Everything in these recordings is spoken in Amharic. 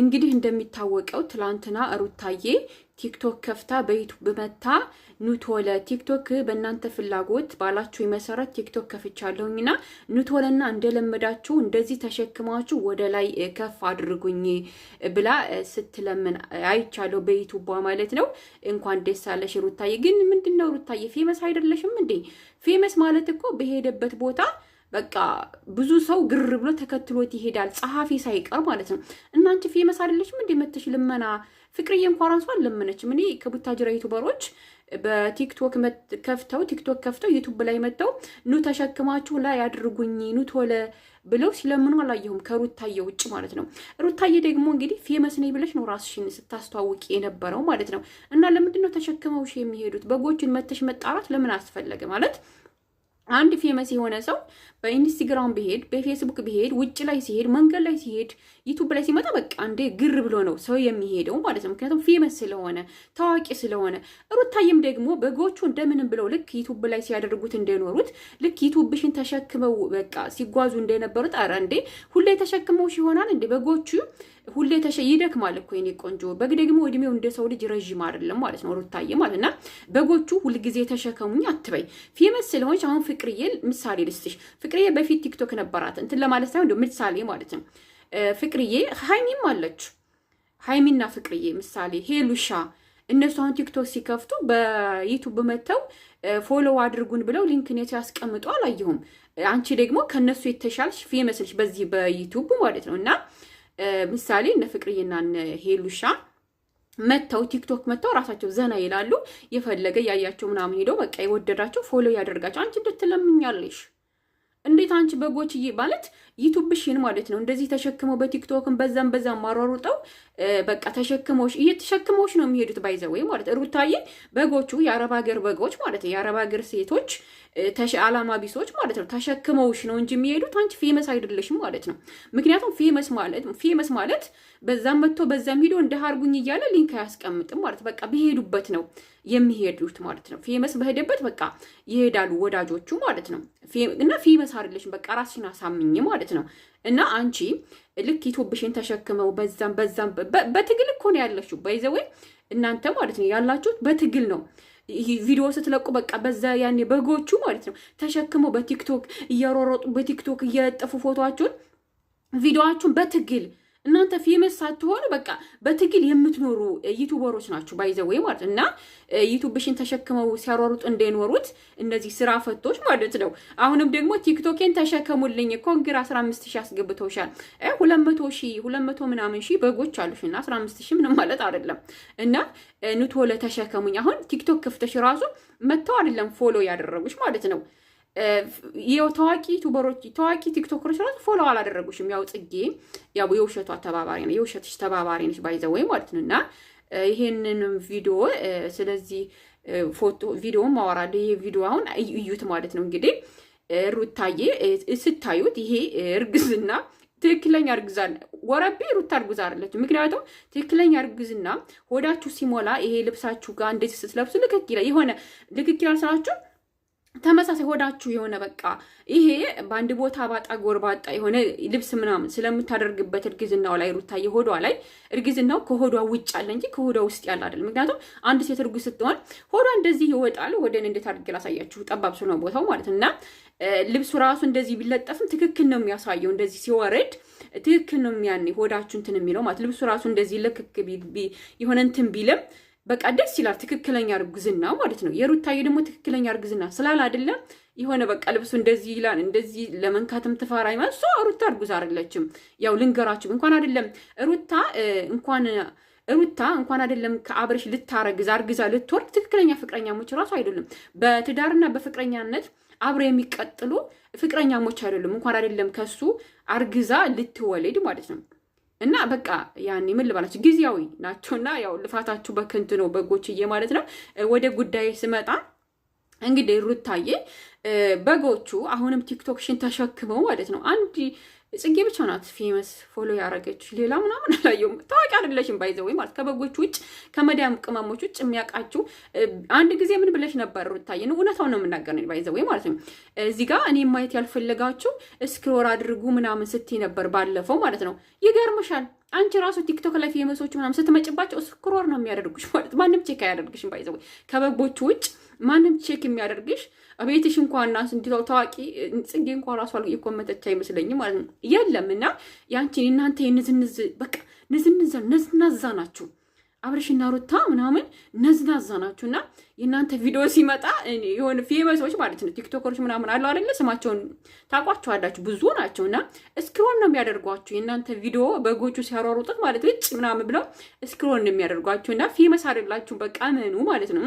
እንግዲህ እንደሚታወቀው ትላንትና ሩታዬ ቲክቶክ ከፍታ በዩቱብ መታ ኑቶለ ቲክቶክ በእናንተ ፍላጎት ባላችሁ የመሰረት ቲክቶክ ከፍቻለሁኝና ኑቶለና እንደለመዳችሁ እንደዚህ ተሸክማችሁ ወደ ላይ ከፍ አድርጉኝ ብላ ስትለምን አይቻለሁ፣ በዩቱቧ ማለት ነው። እንኳን ደስ አለሽ ሩታዬ። ግን ምንድነው ሩታዬ ፌመስ አይደለሽም እንዴ? ፌመስ ማለት እኮ በሄደበት ቦታ በቃ ብዙ ሰው ግር ብሎ ተከትሎት ይሄዳል። ጸሐፊ ሳይቀር ማለት ነው። እና አንቺ ፌመስ አይደለችም እንደ መተሽ ልመና ፍቅርዬ እንኳን ራሱ አልለመነችም። እኔ ከቡታጅራ ዩቱበሮች በቲክቶክ ከፍተው ቲክቶክ ከፍተው ዩቱብ ላይ መጥተው ኑ ተሸክማችሁ ላይ አድርጉኝ ኑ ቶለ ብለው ሲለምኑ አላየሁም ከሩታዬ ውጭ ማለት ነው። ሩታዬ ደግሞ እንግዲህ ፌመስ ነኝ ብለሽ ነው ራስሽን ስታስተዋውቅ የነበረው ማለት ነው። እና ለምንድን ነው ተሸክመውሽ የሚሄዱት? በጎችን መተሽ መጣራት ለምን አስፈለገ ማለት አንድ ፌመስ የሆነ ሰው በኢንስታግራም ቢሄድ በፌስቡክ ብሄድ ውጭ ላይ ሲሄድ መንገድ ላይ ሲሄድ ዩቱብ ላይ ሲመጣ በቃ እንደ ግር ብሎ ነው ሰው የሚሄደው ማለት ነው። ምክንያቱም ፌመስ ስለሆነ ታዋቂ ስለሆነ። ሩታይም ደግሞ በጎቹ እንደምንም ብለው ልክ ዩቱብ ላይ ሲያደርጉት እንደኖሩት ልክ ዩቱብሽን ተሸክመው በቃ ሲጓዙ እንደነበሩት፣ ኧረ እንዴ ሁሌ ተሸክመውሽ ይሆናል እንዴ በጎቹ ሁሌ ተሸ ይደክማል እኮ የኔ ቆንጆ በግ ደግሞ እድሜው እንደ ሰው ልጅ ረዥም አይደለም ማለት ነው። ሩታዬ ማለት ና በጎቹ ሁልጊዜ ተሸከሙኝ አትበይ። ፌመስ ስለሆንሽ አሁን ፍቅርዬ ምሳሌ ልስጥሽ ፍቅርዬ በፊት ቲክቶክ ነበራት እንትን ለማለት ሳይሆን እንደው ምሳሌ ማለት ነው። ፍቅርዬ ሀይሚም አለች። ሀይሚና ፍቅርዬ ምሳሌ ሄሉሻ እነሱ አሁን ቲክቶክ ሲከፍቱ በዩቱብ መጥተው ፎሎው አድርጉን ብለው ሊንክን ያስቀምጡ አላየሁም። አንቺ ደግሞ ከእነሱ የተሻልሽ ፊ መስልሽ በዚህ በዩቱብ ማለት ነው። እና ምሳሌ እነ ፍቅርዬና ሄሉሻ መጥተው ቲክቶክ መጥተው ራሳቸው ዘና ይላሉ። የፈለገ ያያቸው ምናምን ሄደው በቃ የወደዳቸው ፎሎ ያደርጋቸው። አንቺ እንድትለምኛለሽ እንዴት አንቺ በጎችዬ ማለት ይቱብሽን ማለት ነው እንደዚህ ተሸክመው በቲክቶክን በዛም በዛም ማሯሩጠው በቃ ተሸክመውሽ እየተሸክመውሽ ነው የሚሄዱት። ባይዘወይ ማለት ሩታዬ በጎቹ የአረብ ሀገር በጎች ማለት የአረብ ሀገር ሴቶች አላማ ቢሶች ማለት ነው። ተሸክመውሽ ነው እንጂ የሚሄዱት አንቺ ፌመስ አይደለሽም ማለት ነው። ምክንያቱም ፌመስ ማለት ፌመስ ማለት በዛም መጥቶ በዛም ሄዶ እንደ ሀርጉኝ እያለ ሊንክ አያስቀምጥም ማለት በቃ በሄዱበት ነው የሚሄዱት ማለት ነው። ፌመስ በሄደበት በቃ ይሄዳሉ ወዳጆቹ ማለት ነው። እና ፌመስ አይደለሽም በቃ ራስሽን አሳምኝ ማለት ነው። እና አንቺ ልክ ኢትዮብሽን ተሸክመው በዛም በዛም በትግል እኮ ነው ያለሽው። ባይዘወይ እናንተ ማለት ነው ያላችሁት በትግል ነው ቪዲዮ ስትለቁ በቃ በዛ ያኔ በጎቹ ማለት ነው ተሸክመው በቲክቶክ እየሮሮጡ በቲክቶክ እየጠፉ ፎቶቸውን ቪዲዮቸውን በትግል እናንተ ፌመስ ሳትሆኑ በቃ በትግል የምትኖሩ ዩቱበሮች ናችሁ ባይዘወይ ማለት እና ዩቱብሽን ተሸክመው ሲያሯሩጥ እንደኖሩት እነዚህ ስራ ፈቶች ማለት ነው። አሁንም ደግሞ ቲክቶኬን ተሸከሙልኝ ኮንግር 15 ሺ አስገብተውሻል። 200 ሺ 200 ምናምን ሺ በጎች አሉሽና 15 ሺ ምንም ማለት አይደለም። እና ንቶለ ተሸከሙኝ አሁን ቲክቶክ ክፍተሽ ራሱ መጥተው አይደለም ፎሎ ያደረጉች ማለት ነው። ይኸው ታዋቂ ዩቱበሮች ታዋቂ ቲክቶከሮች ራሱ ፎሎ አላደረጉሽም። ያው ጽጌ ያው የውሸቷ ተባባሪ ነው የውሸትሽ ተባባሪ ነች ባይዘ ወይ ማለት ነው። እና ይሄንን ቪዲዮ ስለዚህ ፎቶ ቪዲዮም አወራለሁ። ይሄ ቪዲዮ አሁን እዩት ማለት ነው እንግዲህ ሩታዬ ስታዩት ይሄ እርግዝና ትክክለኛ እርግዛና ወረቢ ሩታ እርጉዝ አለች። ምክንያቱም ትክክለኛ እርግዝና ሆዳችሁ ሲሞላ ይሄ ልብሳችሁ ጋር እንደዚህ ስትለብሱ ልክክ ይላል። የሆነ ልክክ ይላል ስላችሁ ተመሳሳይ ሆዳችሁ የሆነ በቃ ይሄ በአንድ ቦታ ባጣ ጎርባጣ የሆነ ልብስ ምናምን ስለምታደርግበት እርግዝናው ላይ ሩታ የሆዷ ላይ እርግዝናው ከሆዷ ውጭ አለ እንጂ ከሆዷ ውስጥ ያለ አይደለም። ምክንያቱም አንድ ሴት እርጉዝ ስትሆን ሆዷ እንደዚህ ይወጣል። ወደን እንዴት አድርጌ ላሳያችሁ? ጠባብ ስለሆነ ቦታው ማለት እና ልብሱ ራሱ እንደዚህ ቢለጠፍም ትክክል ነው የሚያሳየው። እንደዚህ ሲወርድ ትክክል ነው ያኔ ሆዳችሁ እንትን የሚለው ማለት ልብሱ ራሱ እንደዚህ ልክክ የሆነ እንትን ቢልም በቃ ደስ ይላል። ትክክለኛ እርጉዝና ማለት ነው። የሩታዬ ደግሞ ትክክለኛ እርጉዝና ስላል አይደለም የሆነ በቃ ልብሱ እንደዚህ ይላል፣ እንደዚህ ለመንካትም ትፈራ ይመ እሷ ሩታ እርጉዝ አይደለችም። ያው ልንገራችሁ እንኳን አይደለም ሩታ እንኳን ሩታ እንኳን አይደለም ከአብረሽ ልታረግዝ አርግዛ ልትወርድ ትክክለኛ ፍቅረኛሞች ራሱ አይደሉም። በትዳርና በፍቅረኛነት አብረ የሚቀጥሉ ፍቅረኛሞች አይደሉም። እንኳን አይደለም ከሱ አርግዛ ልትወልድ ማለት ነው። እና በቃ ያኔ ምን ልባላችሁ ጊዜያዊ ናቸውና ያው ልፋታችሁ በከንቱ ነው በጎችዬ ማለት ነው። ወደ ጉዳይ ስመጣ እንግዲህ ሩታዬ በጎቹ አሁንም ቲክቶክሽን ተሸክመው ማለት ነው አንድ ጽጌ ብቻ ናት ፌመስ ፎሎ ያደረገች፣ ሌላ ምናምን አላየሁም። ታዋቂ አይደለሽም ባይዘ ወይ ማለት ከበጎች ውጭ ከመዳም ቅመሞች ውጭ የሚያውቃችው አንድ ጊዜ ምን ብለሽ ነበር? ሩታዬ ነው ነው የምናገር ባይዘ ወይ ማለት ነው። እዚህ ጋር እኔ ማየት ያልፈለጋችሁ እስክሮር አድርጉ ምናምን ስትይ ነበር ባለፈው ማለት ነው። ይገርምሻል አንቺ ራሱ ቲክቶክ ላይ ፌመሶች ምናምን ስትመጭባቸው ስክሮር ነው የሚያደርጉሽ ማለት ማንም ቼክ አያደርግሽም። ባይዘ ከበጎች ውጭ ማንም ቼክ የሚያደርግሽ ቤትሽ እንኳን ታዋቂ ጽጌ እንኳ ራሱ የኮመተች አይመስለኝም ማለት ነው የለም እና ያንቺን እናንተ የንዝንዝ በቃ ንዝንዝ ነዝናዛ ናችሁ። አብረሽና ሩታ ምናምን ነዝናዛ ናችሁ እና የእናንተ ቪዲዮ ሲመጣ የሆነ ፌመሶች ማለት ነው ቲክቶከሮች ምናምን አለው አይደለ? ስማቸውን ታውቋቸዋላችሁ፣ ብዙ ናቸው እና እስክሮን ነው የሚያደርጓችሁ። የእናንተ ቪዲዮ በጎቹ ሲያሯሩጡት ማለት ውጭ ምናምን ብለው እስክሮን ነው የሚያደርጓችሁ እና ፌመስ አይደላችሁም፣ በቃ ምኑ ማለት ነው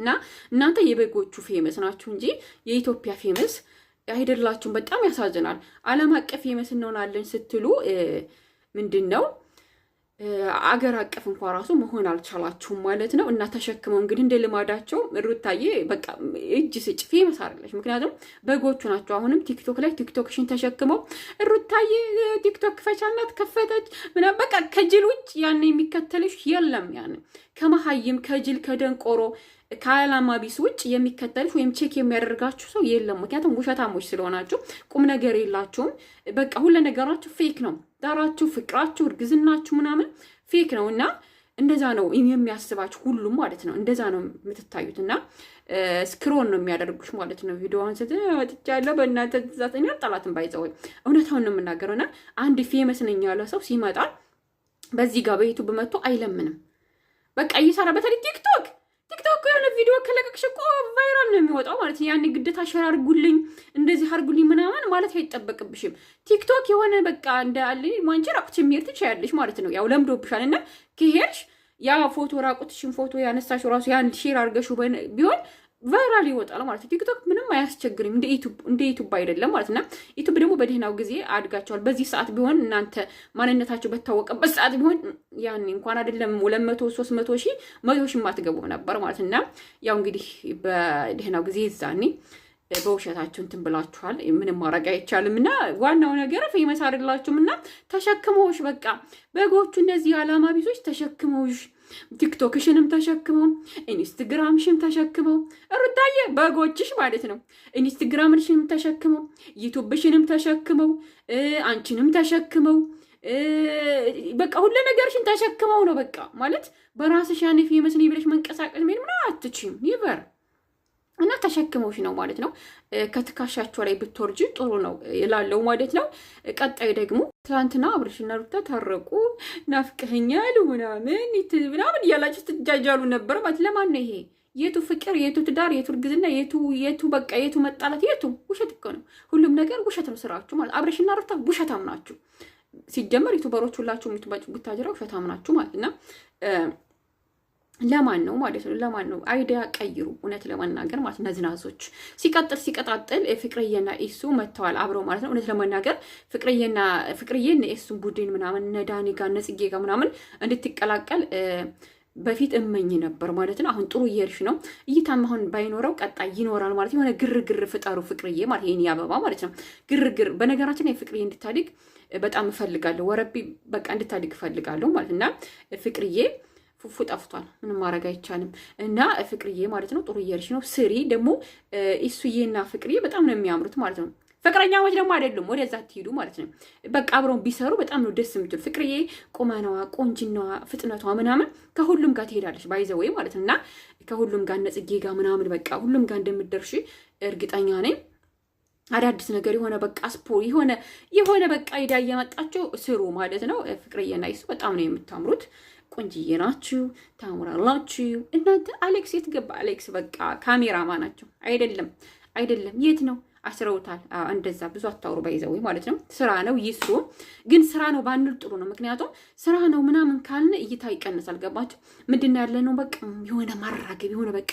እና እናንተ የበጎቹ ፌመስ ናችሁ እንጂ የኢትዮጵያ ፌመስ አይደላችሁም። በጣም ያሳዝናል። ዓለም አቀፍ ፌመስ እንሆናለን ስትሉ ምንድን ነው አገር አቀፍ እንኳ ራሱ መሆን አልቻላችሁም ማለት ነው። እና ተሸክመው እንግዲህ እንደ ልማዳቸው ሩታዬ በቃ እጅ ስጭ ፌመስ አለች። ምክንያቱም በጎቹ ናቸው። አሁንም ቲክቶክ ላይ ቲክቶክሽን ተሸክመው ሩታዬ ቲክቶክ ፈቻናት ከፈተች ምናምን በቃ ከጅል ውጭ ያን የሚከተልሽ የለም። ያን ከመሀይም ከጅል ከደንቆሮ ከአላማ ቢስ ውጭ የሚከተልሽ ወይም ቼክ የሚያደርጋችሁ ሰው የለም። ምክንያቱም ውሸታሞች ስለሆናችሁ ቁም ነገር የላችሁም። በቃ ሁለ ነገራችሁ ፌክ ነው። ዳራችሁ፣ ፍቅራችሁ፣ እርግዝናችሁ ምናምን ፌክ ነው እና እንደዛ ነው የሚያስባችሁ ሁሉም ማለት ነው። እንደዛ ነው የምትታዩት እና ስክሮን ነው የሚያደርጉች ማለት ነው። ቪዲዮን ስጥጭ ያለው በእናንተ ትእዛዝ እኔ አልጠላትም ባይዘወይ እውነታውን ነው የምናገረው እና አንድ ፌመስ ነኝ ያለ ሰው ሲመጣ በዚህ ጋር በዩቱብ መጥቶ አይለምንም። በቃ እየሰራ በተለይ ቲክቶክ ነው የሚወጣው ማለት ያን ግዴታ ሸር አድርጉልኝ እንደዚህ አርጉልኝ ምናምን ማለት አይጠበቅብሽም። ቲክቶክ የሆነ በቃ እንደ አለ ማንቺ ራቁትሽ የሚሄድ ትችያለሽ ማለት ነው። ያው ለምዶብሻል እና ከሄድሽ ያ ፎቶ ራቁትሽን ፎቶ ያነሳሽው ራሱ ያን ሼር አርገሽው ቢሆን ቫይራል ይወጣል ማለት ነው። ቲክቶክ ምንም አያስቸግርም፣ እንደ ዩቱብ አይደለም ማለት ነው። ዩቱብ ደግሞ በደህናው ጊዜ አድጋቸዋል። በዚህ ሰዓት ቢሆን እናንተ ማንነታቸው በታወቀበት ሰዓት ቢሆን ያኔ እንኳን አይደለም ሁለት መቶ ሶስት መቶ ሺ መቶ ሺህ ማትገቡ ነበር ማለት ነው። ያው እንግዲህ በደህናው ጊዜ ይዛኔ በውሸታችሁ እንትን ብላችኋል። ምንም ማድረግ አይቻልም እና ዋናው ነገር ፌመስ አይደላችሁም እና ተሸክመውሽ በቃ በጎቹ እነዚህ አላማ ቢሶች ተሸክመውሽ ቲክቶክሽንም ተሸክመው ኢንስትግራምሽን ተሸክመው ሩታዬ በጎችሽ ማለት ነው። ኢንስትግራምሽንም ተሸክመው ዩቱብሽንም ተሸክመው አንቺንም ተሸክመው በቃ ሁሉ ነገርሽን ተሸክመው ነው በቃ ማለት በራስሽ ያኔ ይመስለኝ ብለሽ መንቀሳቀስ ምን ምን አትችም ይበር እና ተሸክሞሽ ነው ማለት ነው። ከትከሻቸው ላይ ብትወርጅ ጥሩ ነው ይላለው ማለት ነው። ቀጣይ ደግሞ ትናንትና አብርሽና ሩታ ታረቁ፣ ናፍቀኛል ምናምን ምናምን እያላችሁ ትጃጃሉ ነበር ማለት ለማን ነው ይሄ? የቱ ፍቅር፣ የቱ ትዳር፣ የቱ እርግዝና፣ የቱ የቱ በቃ የቱ መጣላት፣ የቱ ውሸት እኮ ነው። ሁሉም ነገር ውሸት ነው ስራችሁ ማለት አብርሽና ሩታ ውሸታም ናችሁ። ሲጀመር የቱ ዩቱበሮች ሁላችሁ ቡታጀራ ውሸታም ናችሁ ማለት እና ለማን ነው ማለት ነው? ለማን ነው አይዲያ ቀይሩ። እውነት ለመናገር ማለት ነዝናዞች። ሲቀጥል ሲቀጣጥል ፍቅርዬና ኢሱ መጥተዋል አብሮ ማለት ነው። እውነት ለመናገር ፍቅርዬና ፍቅርዬን የኢሱን ቡድን ምናምን ነዳኒ ጋር ነጽጌ ጋር ምናምን እንድትቀላቀል በፊት እመኝ ነበር ማለት ነው። አሁን ጥሩ እየሄድሽ ነው። እይታም አሁን ባይኖረው ቀጣይ ይኖራል ማለት የሆነ ግርግር ፍጠሩ ፍቅርዬ ማለት ይሄን አበባ ማለት ነው። ግርግር በነገራችን የፍቅርዬ እንድታድግ በጣም እፈልጋለሁ። ወረቢ በቃ እንድታድግ እፈልጋለሁ ማለት እና ፍቅርዬ ፉፉ ጠፍቷል። ምንም ማድረግ አይቻልም። እና ፍቅርዬ ማለት ነው ጥሩ እየሄድሽ ነው። ስሪ ደግሞ እሱዬና ፍቅርዬ በጣም ነው የሚያምሩት ማለት ነው። ፍቅረኛሞች ደግሞ አይደሉም፣ ወደዛ ትሄዱ ማለት ነው። በቃ አብረው ቢሰሩ በጣም ነው ደስ የምትሉ። ፍቅርዬ ቁመናዋ፣ ቆንጅናዋ፣ ፍጥነቷ ምናምን ከሁሉም ጋር ትሄዳለች ባይዘወይ ማለት ነው። እና ከሁሉም ጋር እነ ጽጌ ጋር ምናምን በቃ ሁሉም ጋር እንደምትደርሽ እርግጠኛ ነኝ። አዳዲስ ነገር የሆነ በቃ ስፖ የሆነ የሆነ በቃ ሄዳ እየመጣችሁ ስሩ ማለት ነው። ፍቅርዬና ይሱ በጣም ነው የምታምሩት። ቆንጅዬ ናችሁ፣ ታምራላችሁ። እናንተ አሌክስ የት ገባ? አሌክስ በቃ ካሜራማ ናቸው። አይደለም አይደለም፣ የት ነው አስረውታል። እንደዛ ብዙ አታውሩ ባይዘው ማለት ነው። ስራ ነው ይስሩ። ግን ስራ ነው ባንል ጥሩ ነው። ምክንያቱም ስራ ነው ምናምን ካልን እይታ ይቀንሳል። ገባቸው ምንድነው ያለ ነው በቃ የሆነ ማራገብ የሆነ በቃ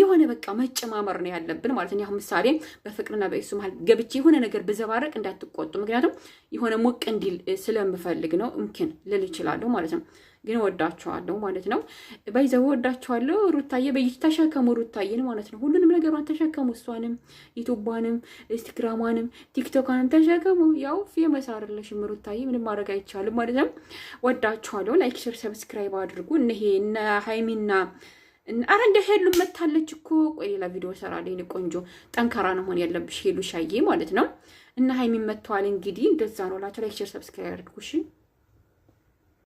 የሆነ በቃ መጨማመር ነው ያለብን ማለት ነው። ምሳሌ በፍቅርና በእሱ መሀል ገብቼ የሆነ ነገር ብዘባረቅ እንዳትቆጡ። ምክንያቱም የሆነ ሞቅ እንዲል ስለምፈልግ ነው። እምኪን ልል ይችላለሁ ማለት ነው። ግን ወዳቸዋለሁ ማለት ነው። ባይዘው ወዳቸዋለሁ። ሩታዬ። በይ ተሸከሙ ሩታዬን ማለት ነው። ሁሉንም ነገሯን ተሸከሙ። እሷንም፣ ዩቱባንም፣ ኢንስትግራማንም፣ ቲክቶካንም ተሸከሙ። ያው ፌመስ አይደለሽም ሩታዬ፣ ምንም ማድረግ አይቻልም ማለት ነው። ወዳቸዋለሁ። ላይክ፣ ሼር፣ ሰብስክራይብ አድርጉ። እነሄ እነ ሀይሚና አረ እንደ ሄሉ መታለች እኮ። ቆይ ሌላ ቪዲዮ ሰራለኝ። ቆንጆ ጠንካራ ነው መሆን ያለብሽ ሄሉ ሻዬ ማለት ነው። እና ሀይሚ መተዋል እንግዲህ እንደዛ ነው ላቸው። ላይክ ሼር ሰብስክራይብ አድርጉ እሺ።